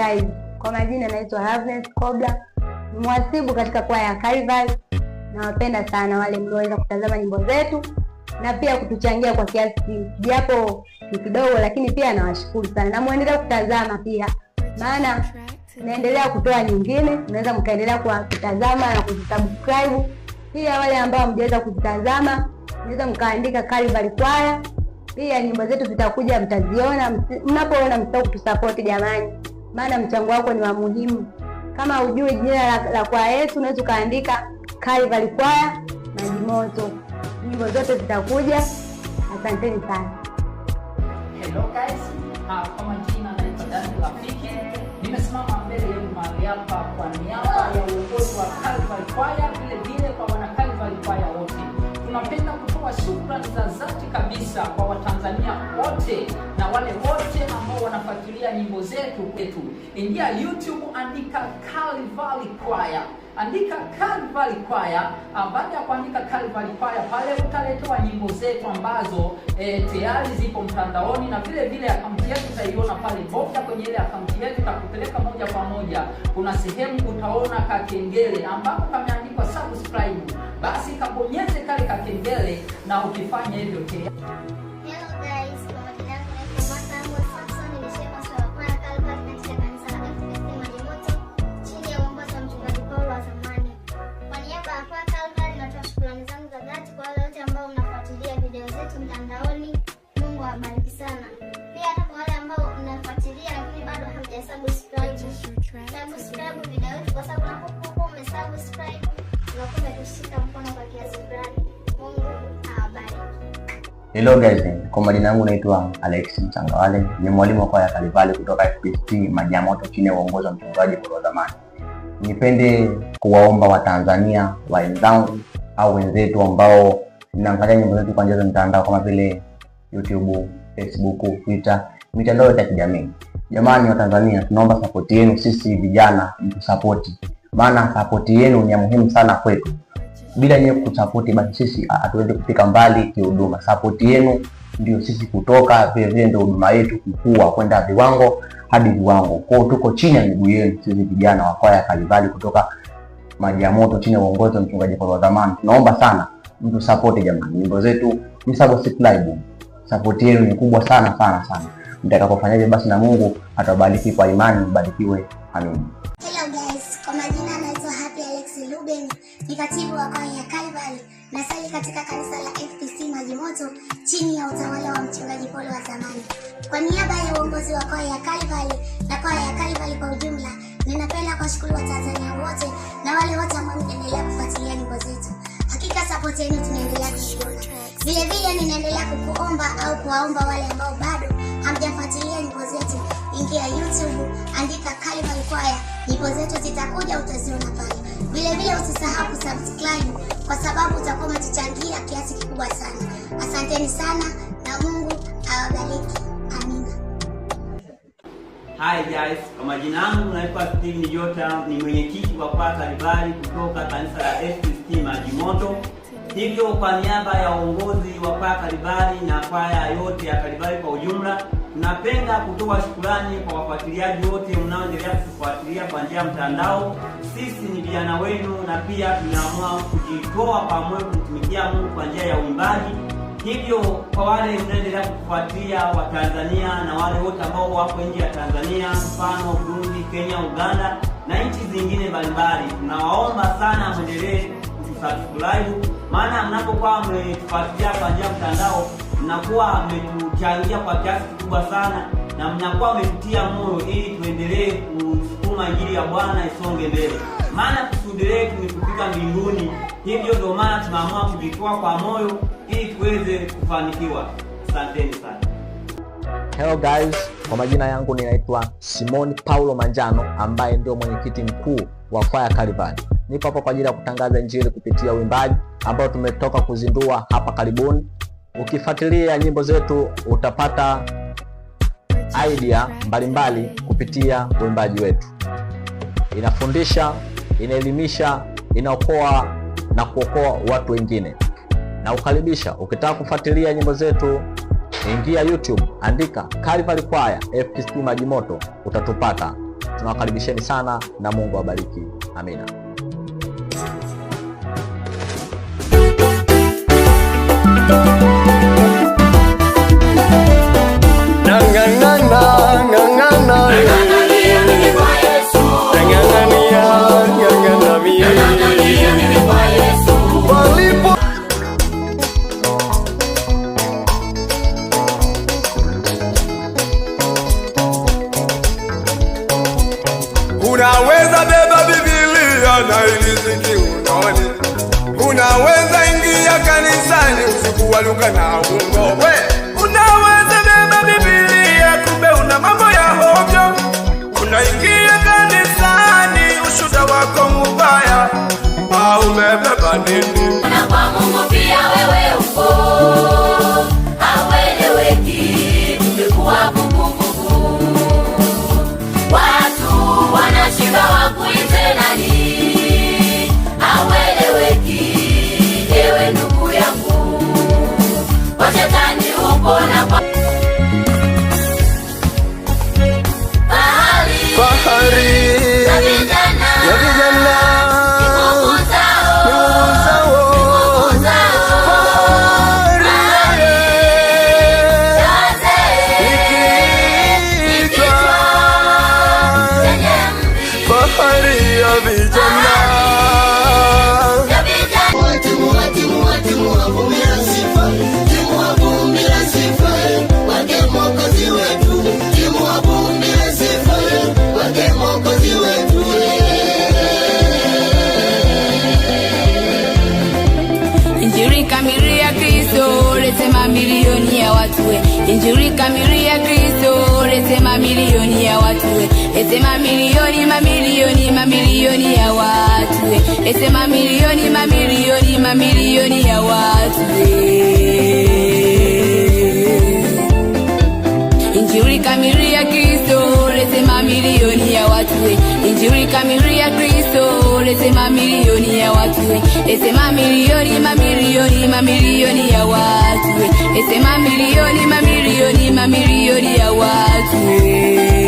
guys, Kwa majina naitwa Havnes Kobla, mwasibu katika kwaya ya Calvary. Nawapenda sana wale mlioweza kutazama nyimbo zetu na pia kutuchangia kwa kiasi japo ni kidogo, lakini pia nawashukuru sana na muendelea kutazama pia, maana naendelea kutoa nyingine, unaweza mkaendelea kwa kutazama na kujisubscribe pia. Wale ambao hamjaweza kutazama, unaweza mkaandika Calvary kwaya pia nyimbo zetu zitakuja, mtaziona. Mnapoona mtaku kutusapoti jamani maana mchango wako ni wa muhimu. Kama hujui jina la, la kwaya yetu unaweza ukaandika Calvary Kwaya Moto, nyimbo zote zitakuja. Asanteni sana. Hello guys, ah, kwa majina naitwa Dani Rafiki, nimesimama mbele yenu mahali hapa kwa niaba ya uongozi wa Calvary Kwaya, vile vile kwa wana Calvary Kwaya wote tunapenda kutoa shukrani za dhati kabisa kwa Watanzania wote na wale wote kufuatilia nyimbo zetu kwetu, ingia YouTube, andika Calvary Choir, andika Calvary Choir. Ah, baada ya kuandika Calvary Choir pale utaletewa nyimbo zetu ambazo e, tayari zipo mtandaoni, na vile vile akaunti yetu utaiona pale. Bofya kwenye ile akaunti yetu, itakupeleka moja kwa moja. Kuna sehemu utaona kakengele ambapo kameandikwa subscribe, basi kabonyeze kale kakengele, na ukifanya hivyo tayari Hello guys, eh, kwa majina yangu naitwa Alex Mchangawale, ni mwalimu wa kwaya Kalivali kutoka FPCT Majiamoto chini ya uongozi wa mchungaji wa zamani. Nipende kuwaomba Watanzania wenzangu au wenzetu ambao mnaangalia nyimbo zetu kwa njia za mtandao kama vile YouTube, Facebook, Twitter, mitandao yote ya kijamii. Jamani Watanzania, tunaomba sapoti yenu, sisi vijana mtusapoti, maana sapoti yenu ni ya muhimu sana kwetu bila nyewe kutusapoti, basi sisi ah, hatuwezi kufika mbali kihuduma. Sapoti yenu ndio sisi kutoka, vilevile ndio huduma yetu kukua kwenda viwango hadi viwango. Kwao tuko chini ya miguu yenu sisi vijana wa kwaya Kalivali kutoka Maji ya Moto chini ya uongozi wa mchungaji Paulo zamani. Tunaomba sana mtu sapoti jamani, nyimbo zetu live, Sapoti yenu ni kubwa sana sana sana. Mtakapofanyaje basi na Mungu atawabariki kwa imani, mbarikiwe. Amin. ni wa kwaya ya Kalvari na sali katika kanisa la FPC Majimoto chini ya utawala wa mchungaji Polo wa zamani. Kwa niaba ya uongozi wa kwaya ya Kalvari na kwaya ya Kalvari kwa ujumla, ninapenda kuwashukuru Watanzania wote na wale wote ambao mnaendelea kufuatilia nyimbo zetu. Hakika support yenu tunaendelea kushukuru. Vile vile ninaendelea kukuomba au kuwaomba wale ambao bado hamjafuatilia nyimbo zetu, ingia YouTube, andika Kalvari kwaya, nyimbo zetu zitakuja, utaziona pale. Vilevile usisahau kusubscribe kwa sababu utakuwa umetuchangia kiasi kikubwa sana. Asanteni sana na Mungu awabariki. Amina. Hi guys, kwa majina yangu naitwa Steven Jota, ni mwenyekiti wa Pata Libari kutoka kanisa la maji Majimoto. Hivyo kwa niaba ya uongozi wa Pata Libari na kwaya yote ya Kalibari kwa ujumla, tunapenda kutoa shukurani kwa wafuatiliaji wote mnaoendelea kwa njia ya mtandao. Sisi ni vijana wenu, na pia tunaamua kujitoa pamoja kumtumikia Mungu kwa njia ya uimbaji. Hivyo kwa wale mnaendelea kufuatia Watanzania na wale wote ambao wako nje ya Tanzania, mfano Burundi, Kenya, Uganda na nchi zingine mbalimbali, tunawaomba sana mwendelee kusubscribe, maana mnapokuwa mmetufuatilia kwa njia ya mtandao mnakuwa mmetuchangia kwa kiasi kikubwa sana na mnakuwa mmetutia moyo ili tuendelee ku kusukuma injili ya Bwana isonge mbele, maana kusudi letu ni kufika mbinguni. Hivyo ndio maana tunaamua kujitoa kwa moyo ili tuweze kufanikiwa. Asanteni sana. Hello guys, kwa majina yangu ninaitwa simon Paulo Manjano ambaye ndio mwenyekiti mkuu wa kwaya Kalvari. Nipo hapa kwa ajili ya kutangaza injili kupitia uimbaji ambao tumetoka kuzindua hapa karibuni. Ukifuatilia nyimbo zetu utapata idea mbalimbali kupitia uimbaji wetu inafundisha, inaelimisha, inaokoa na kuokoa watu wengine. Na ukaribisha, ukitaka kufuatilia nyimbo zetu ingia YouTube, andika Calvary Kwaya FPCT Majimoto, utatupata. Tunawakaribisheni sana na Mungu awabariki. Amina. Unaweza beba Biblia na iliziki unoni, unaweza ingia kanisani usiku wa luka na ungo we, unaweza beba Biblia kumbe una mambo ya hovyo, unaingia kanisani ushuda wako mubaya au kwa shetani bahari, bahari. watue Injili kamili ya Kristo lete mamilioni ya watuwe lete mamilioni mamilioni mamilioni ya watuwe lete mamilioni mamilioni mamilioni ya watue Injili kamili ya Kristo lete mamilioni ya watue Injili kamili ya Kristo yako lete mamilioni ya watu, lete mamilioni mamilioni mamilioni ya watu, lete mamilioni mamilioni mamilioni ya watu